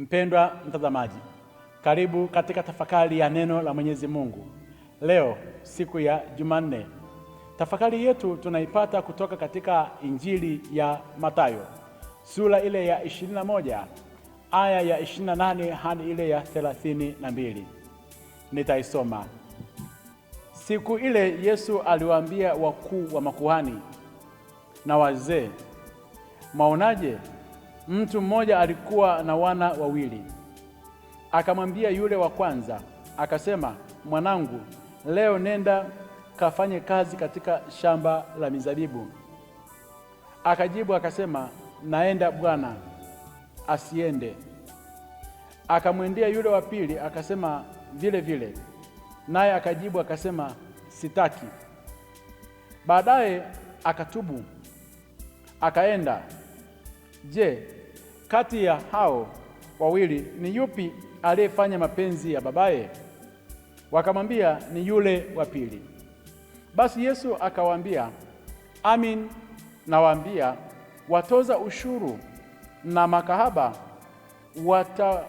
Mpendwa mtazamaji, karibu katika tafakari ya neno la Mwenyezi Mungu leo, siku ya Jumanne. Tafakari yetu tunaipata kutoka katika Injili ya Mathayo sura ile ya 21 aya ya 28 hadi ile ya 32. Nitaisoma. Siku ile Yesu aliwaambia wakuu wa makuhani na wazee, mwaonaje Mtu mmoja alikuwa na wana wawili. Akamwambia yule wa kwanza, akasema, mwanangu, leo nenda kafanye kazi katika shamba la mizabibu. Akajibu akasema, naenda bwana, asiende. Akamwendea yule wa pili akasema vile vile, naye akajibu akasema, sitaki. Baadaye akatubu akaenda. Je, kati ya hao wawili ni yupi aliyefanya mapenzi ya babaye? Wakamwambia, ni yule wa pili. Basi Yesu akawaambia, amin nawaambia, watoza ushuru na makahaba wata,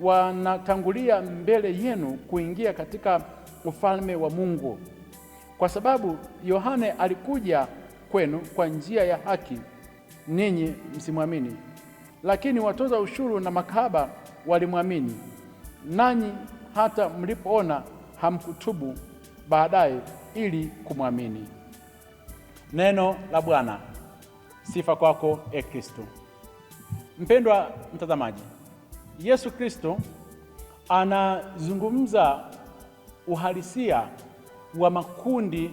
wanatangulia mbele yenu kuingia katika ufalme wa Mungu, kwa sababu Yohane alikuja kwenu kwa njia ya haki, ninyi msimwamini lakini watoza ushuru na makahaba walimwamini, nanyi hata mlipoona hamkutubu baadaye ili kumwamini. Neno la Bwana. Sifa kwako e Kristo. Mpendwa mtazamaji, Yesu Kristo anazungumza uhalisia wa makundi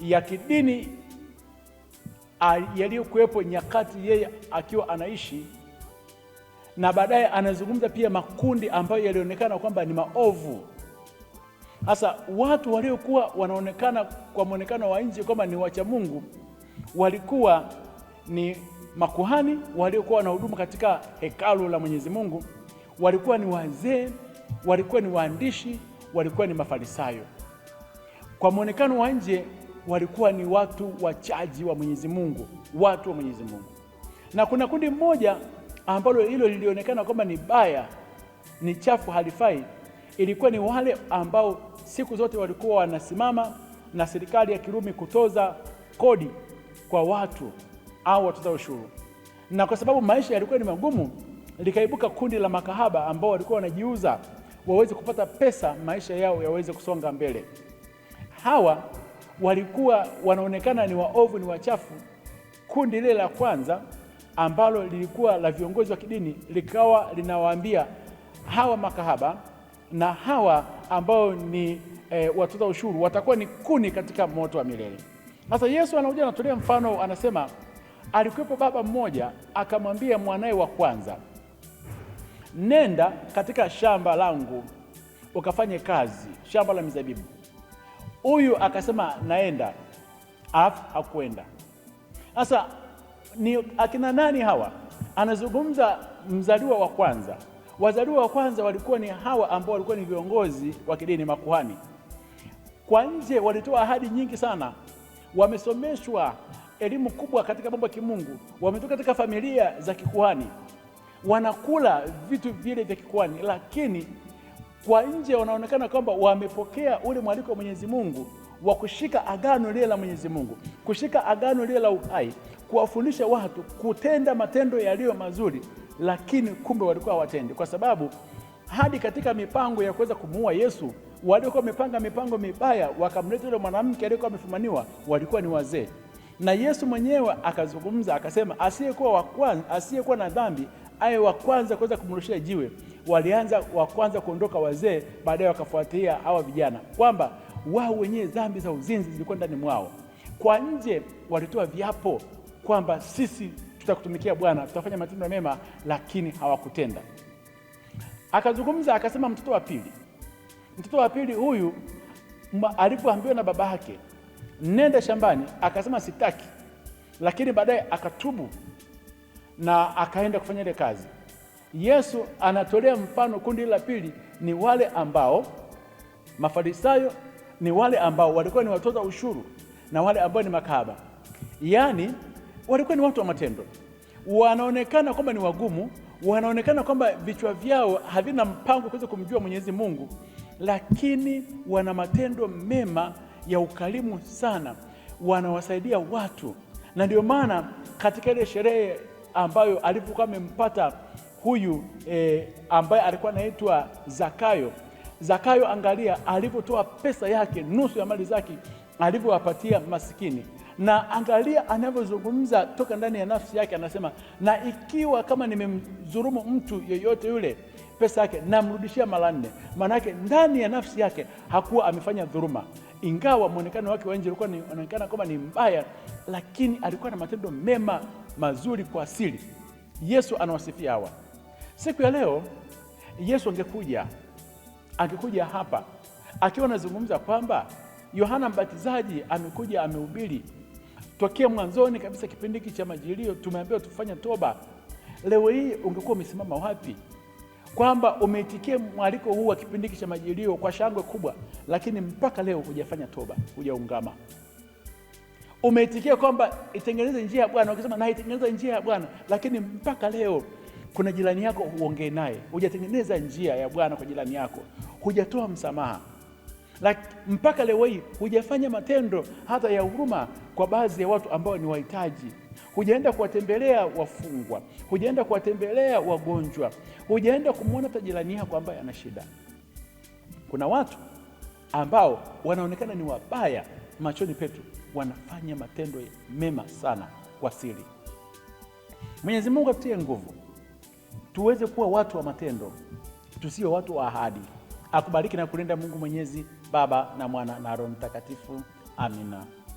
ya kidini yaliyokuwepo nyakati yeye akiwa anaishi na baadaye anazungumza pia makundi ambayo yalionekana kwamba ni maovu. Sasa watu waliokuwa wanaonekana kwa mwonekano wa nje kwamba ni wacha Mungu walikuwa ni makuhani waliokuwa wanahudumu katika hekalu la Mwenyezi Mungu, walikuwa ni wazee, walikuwa ni waandishi, walikuwa ni Mafarisayo. Kwa mwonekano wa nje walikuwa ni watu wachaji wa Mwenyezi Mungu, watu wa Mwenyezi Mungu, na kuna kundi mmoja ambalo hilo lilionekana kwamba ni baya, ni chafu, halifai, ilikuwa ni wale ambao siku zote walikuwa wanasimama na serikali ya Kirumi kutoza kodi kwa watu au watoza ushuru, na kwa sababu maisha yalikuwa ni magumu, likaibuka kundi la makahaba ambao walikuwa wanajiuza waweze kupata pesa, maisha yao yaweze kusonga mbele. Hawa walikuwa wanaonekana ni waovu, ni wachafu. Kundi lile la kwanza ambalo lilikuwa la viongozi wa kidini likawa linawaambia hawa makahaba na hawa ambao ni e, watoza ushuru watakuwa ni kuni katika moto wa milele. Sasa Yesu anakuja anatolea mfano, anasema alikuwepo baba mmoja akamwambia mwanaye wa kwanza, nenda katika shamba langu ukafanye kazi, shamba la mizabibu. Huyu akasema naenda, alafu hakwenda. Sasa ni akina nani hawa? Anazungumza mzaliwa wa kwanza. Wazaliwa wa kwanza walikuwa ni hawa ambao walikuwa ni viongozi wa kidini, makuhani. Kwa nje walitoa ahadi nyingi sana, wamesomeshwa elimu kubwa katika mambo ya kimungu, wametoka katika familia za kikuhani, wanakula vitu vile vya kikuhani, lakini kwa nje wanaonekana kwamba wamepokea ule mwaliko wa Mwenyezi Mungu wa kushika agano lile la Mwenyezi Mungu, kushika agano lile la uhai, kuwafundisha watu kutenda matendo yaliyo mazuri, lakini kumbe walikuwa hawatendi, kwa sababu hadi katika mipango ya kuweza kumuua Yesu walikuwa wamepanga mipango mibaya, wakamleta yule mwanamke aliyekuwa amefumaniwa, walikuwa ni wazee na Yesu mwenyewe akazungumza akasema, asiyekuwa wa kwanza, asiyekuwa na dhambi aye wa kwanza kuweza kumrushia jiwe. Walianza wa kwanza kuondoka wazee, baadaye wakafuatia hawa vijana, kwamba wao wenyewe dhambi za uzinzi zilikuwa ndani mwao. Kwa nje walitoa viapo kwamba sisi tutakutumikia Bwana, tutafanya matendo mema, lakini hawakutenda. Akazungumza akasema, mtoto wa pili, mtoto wa pili huyu alipoambiwa na baba yake nenda shambani, akasema sitaki, lakini baadaye akatubu na akaenda kufanya ile kazi. Yesu anatolea mfano kundi la pili ni wale ambao Mafarisayo ni wale ambao walikuwa ni watoza ushuru na wale ambao ni makahaba, yaani walikuwa ni watu wa matendo, wanaonekana kwamba ni wagumu, wanaonekana kwamba vichwa vyao havina mpango kuweza kumjua Mwenyezi Mungu, lakini wana matendo mema ya ukarimu sana, wanawasaidia watu. Na ndio maana katika ile sherehe ambayo alipokuwa amempata huyu eh, ambaye alikuwa anaitwa Zakayo Zakayo, angalia alivyotoa pesa yake, nusu ya mali zake alivyowapatia masikini, na angalia anavyozungumza toka ndani ya nafsi yake, anasema, na ikiwa kama nimemdhulumu mtu yeyote yule pesa yake namrudishia mara nne. Maana yake ndani ya nafsi yake hakuwa amefanya dhuluma, ingawa mwonekano wake wa nje ulikuwa unaonekana kama ni mbaya, lakini alikuwa na matendo mema mazuri kwa asili. Yesu anawasifia hawa. Siku ya leo Yesu angekuja akikuja hapa akiwa anazungumza kwamba Yohana Mbatizaji amekuja amehubiri tokea mwanzoni kabisa kipindi hiki cha majilio, tumeambiwa tufanye toba. Leo hii ungekuwa umesimama wapi? Kwamba umeitikia mwaliko huu wa kipindi hiki cha majilio kwa shangwe kubwa, lakini mpaka leo hujafanya toba, hujaungama. Umeitikia kwamba itengeneze njia ya Bwana, ukisema naitengeneza njia ya Bwana, lakini mpaka leo kuna jirani yako uongee naye, hujatengeneza njia ya Bwana kwa jirani yako, hujatoa msamaha like, mpaka leo hii hujafanya matendo hata ya huruma kwa baadhi ya watu ambao ni wahitaji. Hujaenda kuwatembelea wafungwa, hujaenda kuwatembelea wagonjwa, hujaenda kumwona hata jirani yako ambaye ana shida. Kuna watu ambao wanaonekana ni wabaya machoni petu, wanafanya matendo mema sana kwa siri. Mwenyezi Mungu atutie nguvu tuweze kuwa watu wa matendo, tusio watu wa ahadi. Akubariki na kulinda Mungu Mwenyezi, Baba na Mwana na Roho Mtakatifu. Amina.